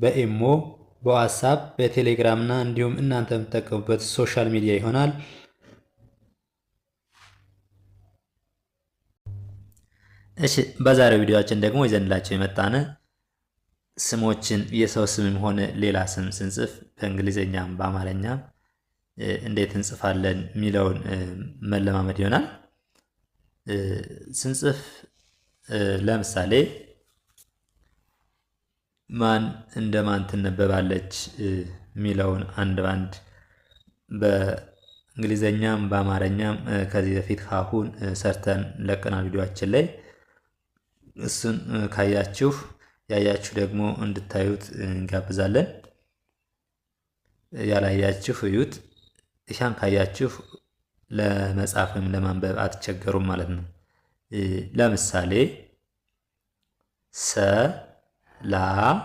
በኤሞ በዋትሳፕ በቴሌግራም እና እንዲሁም እናንተ የምትጠቀሙበት ሶሻል ሚዲያ ይሆናል። እሺ በዛሬው ቪዲዮችን ደግሞ ይዘንላቸው የመጣነ ስሞችን የሰው ስምም ሆነ ሌላ ስም ስንጽፍ በእንግሊዝኛም በአማርኛም እንዴት እንጽፋለን የሚለውን መለማመድ ይሆናል። ስንጽፍ ለምሳሌ ማን እንደማን ትነበባለች የሚለውን አንድ ባንድ በእንግሊዘኛም በአማርኛም ከዚህ በፊት ካሁን ሰርተን ለቀናል ቪዲዮችን ላይ እሱን ካያችሁ ያያችሁ ደግሞ እንድታዩት እንጋብዛለን። ያላያችሁ እዩት። ይሻን ካያችሁ ለመጻፍ ወይም ለማንበብ አትቸገሩም ማለት ነው። ለምሳሌ ሰ ላም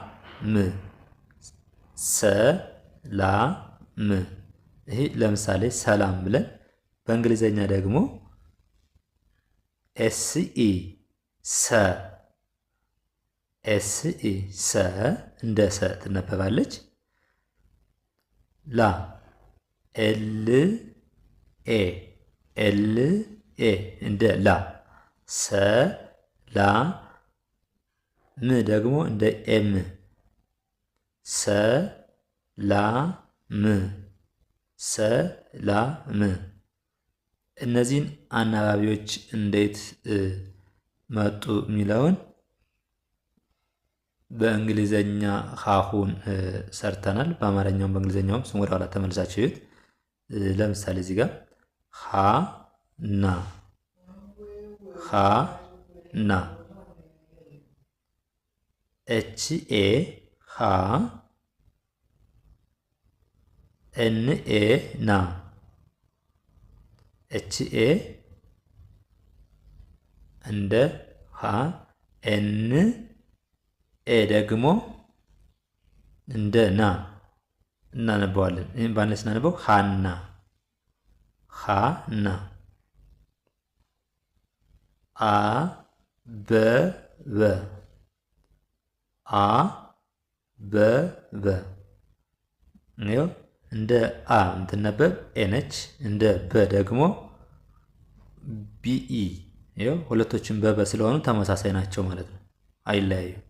ሰላም። ይሄ ለምሳሌ ሰላም ብለን በእንግሊዘኛ ደግሞ ኤስኢ ሰ ኤስኢ ሰ እንደ ሰ ትነበባለች። ላ ኤል ኤ ኤል ኤ እንደ ላ ሰ ላ ም ደግሞ እንደ ኤም ም ላ ም እነዚህን አናባቢዎች እንዴት መጡ የሚለውን በእንግሊዘኛ ሀሁን ሰርተናል። በአማርኛውም በእንግሊዘኛውም ስም ወደ ኋላ ተመልሳችሁ ለምሳሌ እዚህ ጋር ሀ ና ሀ ና ኤች ኤ ሃ ኤን ኤ ና ኤች ኤ እንደ ሃ ኤን ኤ ደግሞ እንደ ና እናነበዋለን። ይህም በአንድ ስናነበው ሃና ሃና አበበ አ በበ እንደ አ የምትነበብ ኤ ነች። እንደ በ ደግሞ ቢኢ ሁለቶችን በበ ስለሆኑ ተመሳሳይ ናቸው ማለት ነው። አይለያዩም።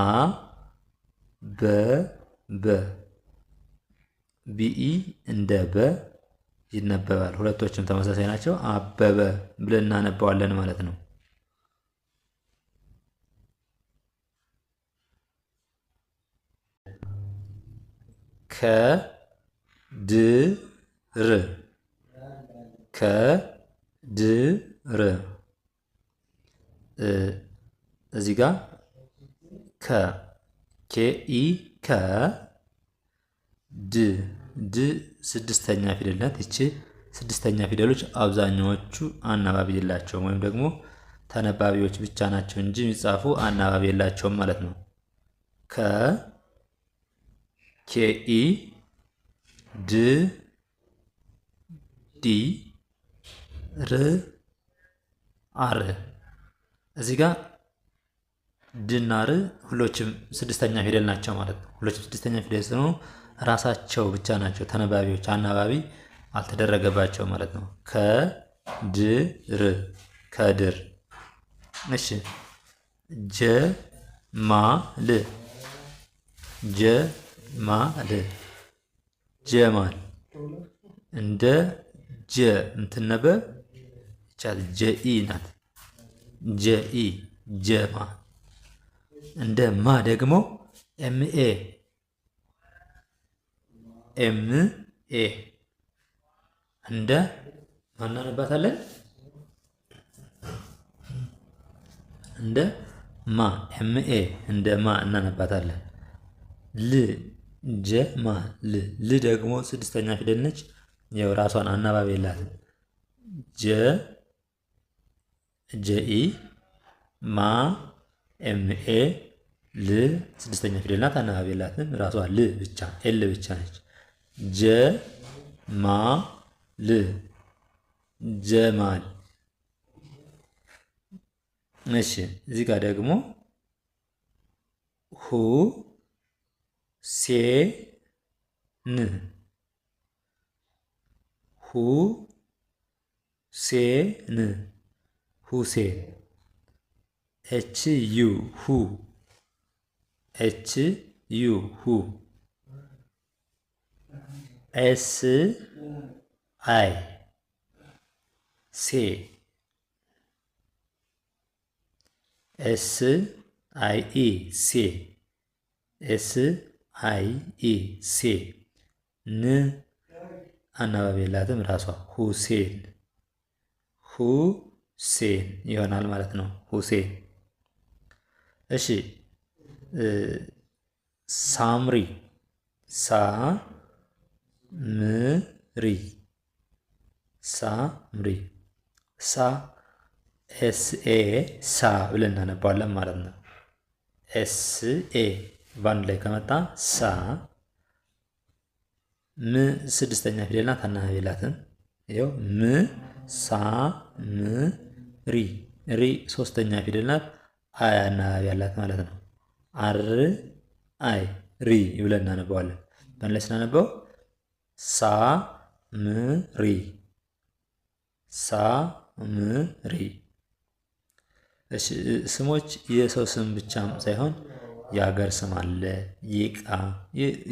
አ በበ ቢኢ እንደ በ ይነበባል። ሁለቶችም ተመሳሳይ ናቸው። አበበ ብለን እናነባዋለን ማለት ነው። ከድር ከድር እዚህ ጋ ከ ኢ ከ ድ ድ ስድስተኛ ፊደል ናት። ይቺ ስድስተኛ ፊደሎች አብዛኛዎቹ አናባቢ የላቸውም ወይም ደግሞ ተነባቢዎች ብቻ ናቸው እንጂ የሚጻፉ አናባቢ የላቸውም ማለት ነው። ከ ኢ ድ ዲ ር አር እዚህ ጋር ድናር ሁሎችም ስድስተኛ ፊደል ናቸው ማለት ነው። ሁሎችም ስድስተኛ ፊደል ስለሆኑ ራሳቸው ብቻ ናቸው ተነባቢዎች፣ አናባቢ አልተደረገባቸው ማለት ነው። ከድር ከድር። እሺ ጀማል ጀ ማድ ጀማል እንደ ጀ የምትነበብ ይቻል ጀኢ ናት። ጀኢ ጀማ። እንደ ማ ደግሞ ኤምኤ ኤምኤ እንደ ማናነባታለን እንደ ማ ኤምኤ እንደ ማ እናነባታለን ል ጀማ ል ል ደግሞ ስድስተኛ ፊደል ነች። ያው ራሷን አናባቢ የላትም። ጀ ጀኢ ማ ኤምኤ ል ስድስተኛ ፊደል ናት። አናባቢ የላትም። ራሷ ል ብቻ ኤል ብቻ ነች። ጀ ማ ል ጀማል። እሺ እዚህ ጋር ደግሞ ሁ 세는 후세는 후세 hu 후 hu 후 s i 세 s i e 세 s አይ ኢ ሴ ን አናባቢ የላትም ራሷ ሁሴን ሁሴን ይሆናል ማለት ነው። ሁሴን። እሺ ሳምሪ ሳምሪ ሳምሪ ሳ ኤስኤ ሳ ብለን እናነባዋለን ማለት ነው። ኤስኤ በአንድ ላይ ከመጣ ሳ ም ስድስተኛ ፊደል ናት። አናባቢላትን ይኸው ም ሳ ም ሪ ሪ ሶስተኛ ፊደል ናት። አይ አናባቢ ያላት ማለት ነው። አር አይ ሪ ብለን እናነበዋለን። በአንድ ላይ ስናነበው ሳ ም ሪ ሳ ም ሪ ስሞች የሰው ስም ብቻም ሳይሆን የሀገር ስም አለ፣ ይቃ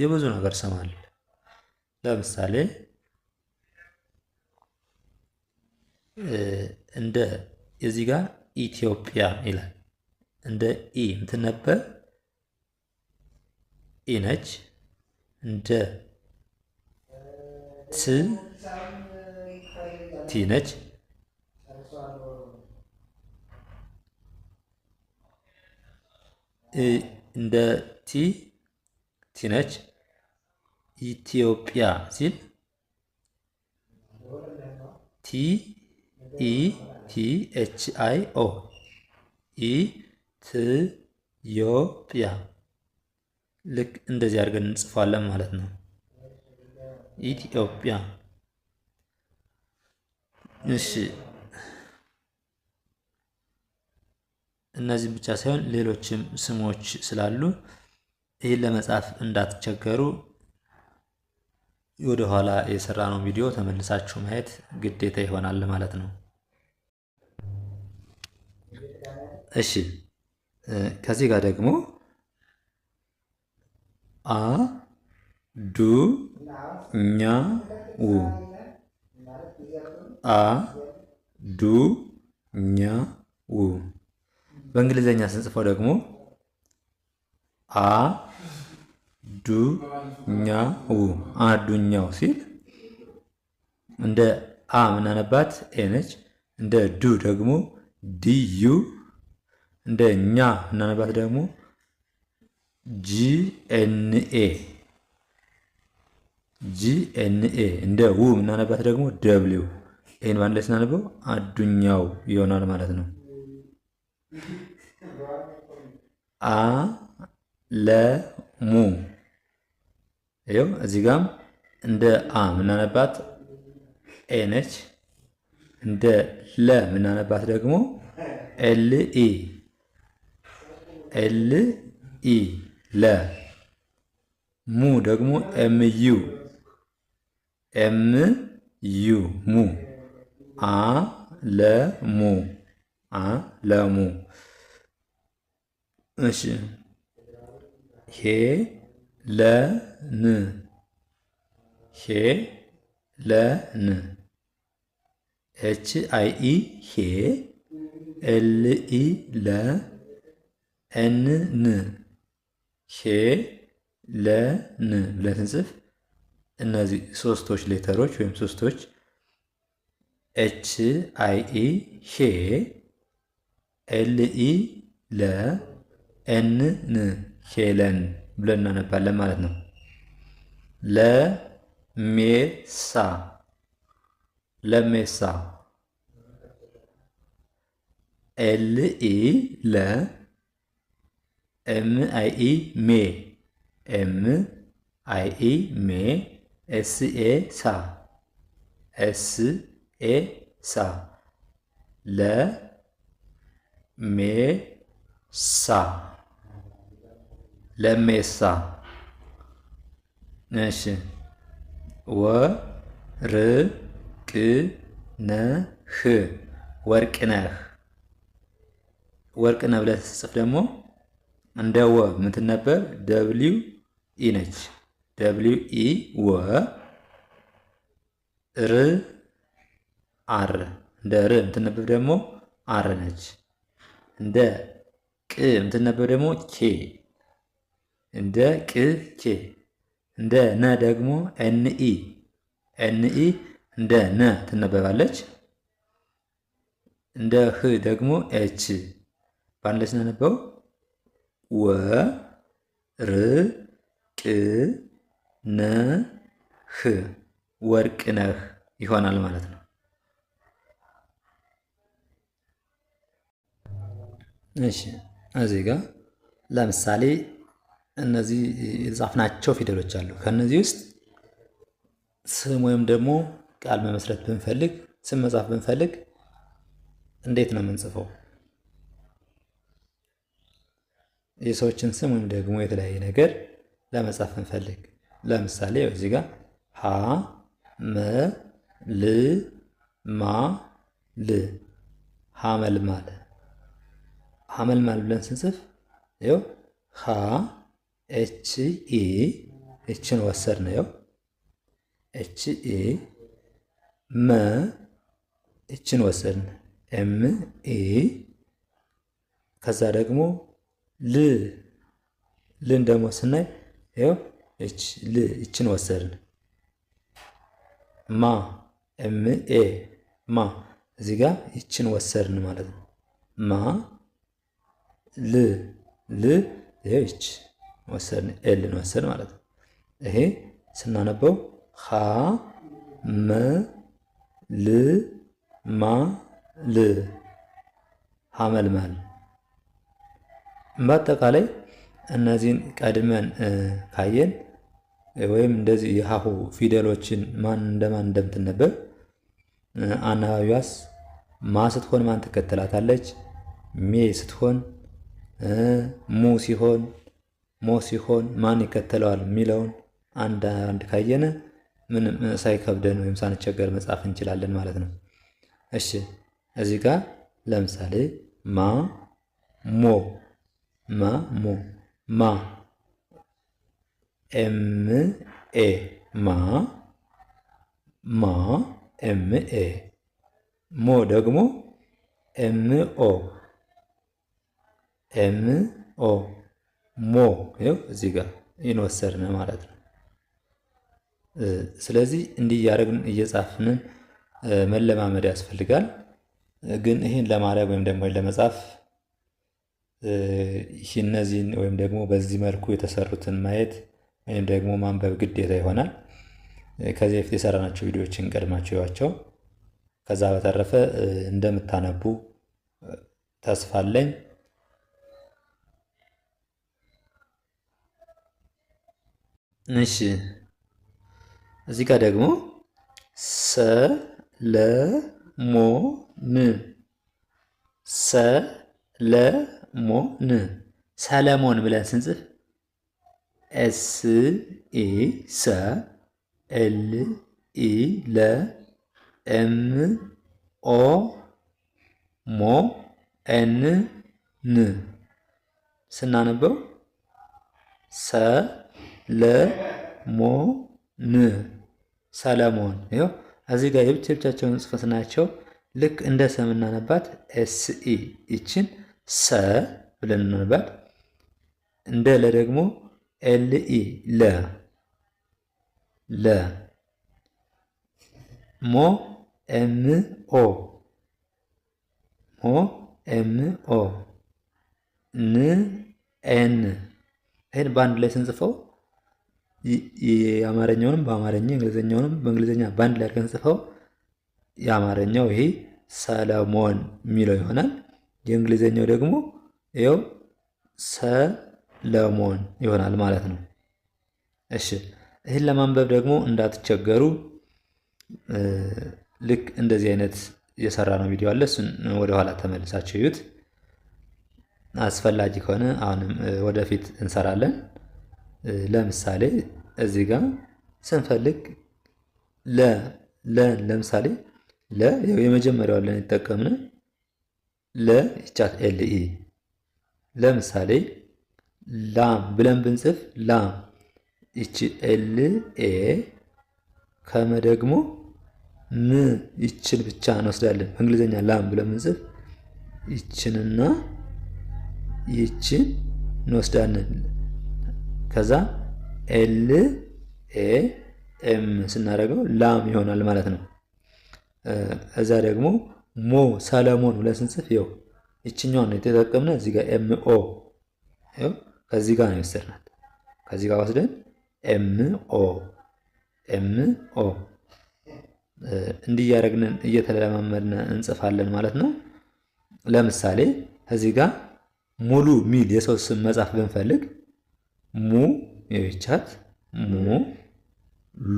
የብዙ ነገር ስም አለ። ለምሳሌ እንደ እዚህ ጋር ኢትዮጵያ ይላል። እንደ ኢ የምትነበብ ኢ ነች። እንደ ት ቲ ነች። እንደ ቲ ቲ ነች። ኢትዮጵያ ሲል ቲ ኢ ቲ ኤች አይ ኦ ኢትዮጵያ ልክ እንደዚህ አድርገን እንጽፋለን ማለት ነው። ኢትዮጵያ እሺ። እነዚህም ብቻ ሳይሆን ሌሎችም ስሞች ስላሉ ይህን ለመጻፍ እንዳትቸገሩ ወደኋላ ነው ቪዲዮ ተመልሳችሁ ማየት ግዴታ ይሆናል ማለት ነው። እሺ ከዚህ ጋር ደግሞ አ ዱ ኛ ው አ ዱ ኛ ው በእንግሊዘኛ ስንጽፈው ደግሞ አ ው አዱኛው ሲል እንደ አ ምናነባት ኤ ነች። እንደ ዱ ደግሞ ዲዩ፣ እንደ ኛ ምናነባት ደግሞ ጂኤንኤ ጂኤንኤ፣ እንደ ው ምናነባት ደግሞ ደብሊው። ኤን ባንድ ላይ ስናነበው አዱኛው ይሆናል ማለት ነው። አ ለሙ ይኸው እዚህ ጋም እንደ አ ምናነባት ኤ ነች። እንደ ለ ምናነባት ደግሞ ኤል ኢ ኤል ኢ ለ ሙ ደግሞ ኤም ዩ ኤም ዩ ሙ አ ለሙ አለሙ እሺ ሄለን ለን ኤች አይ ኢ ሄ ኤል ኢ ለ ኤን ን ብለን ስንጽፍ እነዚህ ሶስቶች ሌተሮች ወይም ሶስቶች ኤች አይ ኢ ሄ ኤልኢ ለ ኤን ን ሄለን ብለን እናነባለን ማለት ነው። ለሜሳ ለሜሳ ኤልኢ ለ ኤም አይኢ ሜ ኤም አይኢ ሜ ኤስኤ ሳ ኤስኤ ሳ ለ ሜሳ ለሜሳ እሺ ወርቅነህ ወርቅነህ ወርቅነህ ብለህ ስትጽፍ ደግሞ እንደ ወ የምትነበብ ደብሊው ኢ ነች። ደብሊው ኢ ወ ር አር እንደ ር የምትነበብ ደግሞ አር ነች። እንደ ቅ የምትነበብ ደግሞ ኬ እንደ ቅ ኬ እንደ ነ ደግሞ ኤንኢ ኤንኢ እንደ ነ ትነበባለች። እንደ ህ ደግሞ ኤች በአንድ ላይ ስናነበው ወ ር ቅ ነ ህ ወርቅ ነህ ይሆናል ማለት ነው። እሺ እዚህ ጋር ለምሳሌ እነዚህ የጻፍናቸው ፊደሎች አሉ። ከእነዚህ ውስጥ ስም ወይም ደግሞ ቃል መመስረት ብንፈልግ ስም መጻፍ ብንፈልግ እንዴት ነው የምንጽፈው? የሰዎችን ስም ወይም ደግሞ የተለያየ ነገር ለመጻፍ ብንፈልግ ለምሳሌ እዚህ ጋር ሀ መ ል ማ ል ሀመልማል ሀመልማል ብለን ስንጽፍ ው ሀ ኤች ኢ ኤችን ወሰድን ው ኤች ኢ መ ኤችን ወሰድን ኤም ኢ ከዛ ደግሞ ል ልን ደግሞ ስናይ ው ል እችን ወሰድን ማ ኤም ኤ ማ እዚህ ጋር ይችን ወሰድን ማለት ነው ማ ል ል ች ወሰን ኤልን ወሰን ማለት ነው። ይሄ ስናነበው ሀ መ ል ማ ል ሀመልማል። በአጠቃላይ እነዚህን ቀድመን ካየን ወይም እንደዚህ የሀሁ ፊደሎችን ማን እንደማን እንደምትነበብ አናባቢዋስ ማ ስትሆን ማን ትከተላታለች? ሜ ስትሆን ሙ ሲሆን ሞ ሲሆን ማን ይከተለዋል የሚለውን አንድ አንድ ካየነ ምንም ሳይከብደን ወይም ሳንቸገር መጻፍ እንችላለን ማለት ነው። እሺ እዚህ ጋር ለምሳሌ ማ ሞ ማ ሞ ማ ኤም ኤ ማ ማ ኤም ኤ ሞ ደግሞ ኤም ኦ ኤም ኦ ሞ ይኸው እዚህ ጋር ይንወሰድነ ማለት ነው። ስለዚህ እንዲህ እያደረግን እየጻፍን መለማመድ ያስፈልጋል። ግን ይህን ለማድረግ ወይም ደግሞ ለመጻፍ እነዚህን ወይም ደግሞ በዚህ መልኩ የተሰሩትን ማየት ወይም ደግሞ ማንበብ ግዴታ ይሆናል። ከዚህ በፊት የሰራናቸው ቪዲዮዎችን ቀድማቸው እዩዋቸው። ከዛ በተረፈ እንደምታነቡ ተስፋ አለኝ። እሺ እዚህ ጋር ደግሞ ሰለሞን ን ሰለሞን ብለን ስንጽፍ ኤስ ኢ ሰ ኤል ኢ ለ ኤም ኦ ሞ ኤን ን ስናነበው ሰ ለሞን ሰለሞን ይኸው እዚህ ጋር የብቻ ብቻቸውን ጽፈት ናቸው። ልክ እንደ ሰ የምናነባት ኤስኢ ይችን ሰ ብለን እናነባት። እንደ ለ ደግሞ ኤልኢ ለ ለ ሞ ኤምኦ ሞ ኦ ን ኤን ይህን በአንድ ላይ ስንጽፈው የአማርኛውንም በአማርኛ እንግሊዝኛውንም በእንግሊዝኛ በአንድ ላይ አድርገን ጽፈው የአማርኛው ይሄ ሰለሞን የሚለው ይሆናል። የእንግሊዝኛው ደግሞ ይኸው ሰለሞን ይሆናል ማለት ነው። እሺ ይህን ለማንበብ ደግሞ እንዳትቸገሩ ልክ እንደዚህ አይነት የሰራ ነው ቪዲዮ አለ። እሱን ወደኋላ ተመልሳችሁ እዩት። አስፈላጊ ከሆነ አሁንም ወደፊት እንሰራለን። ለምሳሌ እዚህ ጋ ስንፈልግ ለ ለን ለምሳሌ ለ የመጀመሪያው ለን ይጠቀምን ለ ይቻት ኤልኢ ለምሳሌ ላም ብለን ብንጽፍ ላም ይቺ ኤል ኤ ከመ ደግሞ ም ይችን ብቻ እንወስዳለን። በእንግሊዝኛ ላም ብለን ብንጽፍ ይችንና ይችን እንወስዳለን። ከዛ ኤል ኤ ኤም ስናደርገው ላም ይሆናል ማለት ነው። እዛ ደግሞ ሞ ሰለሞን ብለን ስንጽፍ ይኸው ይችኛዋን ነው የተጠቀምነ። እዚህ ጋር ኤም ኦ ይኸው ከዚህ ጋር ነው የወሰድናት። ከዚህ ጋር ወስደን ኤም ኦ ኤም ኦ እንዲህ እየተለማመድን እንጽፋለን ማለት ነው። ለምሳሌ እዚህ ጋር ሙሉ ሚል የሰው ስም መጻፍ ብንፈልግ ሙ ይቻት ሙ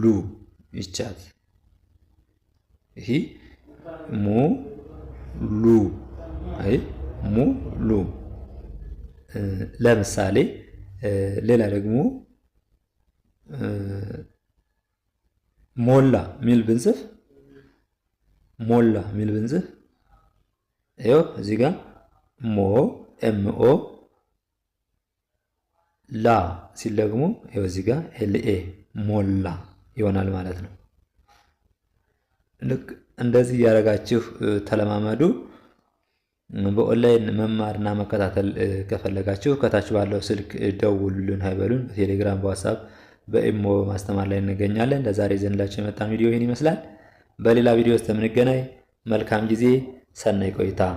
ሉ ይቻት ይሄ ሙ ሉ አይ ሙ ሉ። ለምሳሌ ሌላ ደግሞ ሞላ ሚል ብንጽፍ ሞላ ሚል ብንጽፍ ይኸው እዚህ ጋር ሞ ኦ ላ ሲል ደግሞ እዚህ ኤልኤ ሞላ ይሆናል ማለት ነው። ልክ እንደዚህ እያደረጋችሁ ተለማመዱ። በኦንላይን መማርና መከታተል ከፈለጋችሁ ከታች ባለው ስልክ ደውሉልን፣ ሀይበሉን። በቴሌግራም በዋትሳፕ በኢሞ ማስተማር ላይ እንገኛለን። ለዛሬ ዘንላችሁ የመጣን ቪዲዮ ይህን ይመስላል። በሌላ ቪዲዮ ውስጥ የምንገናኝ መልካም ጊዜ፣ ሰናይ ቆይታ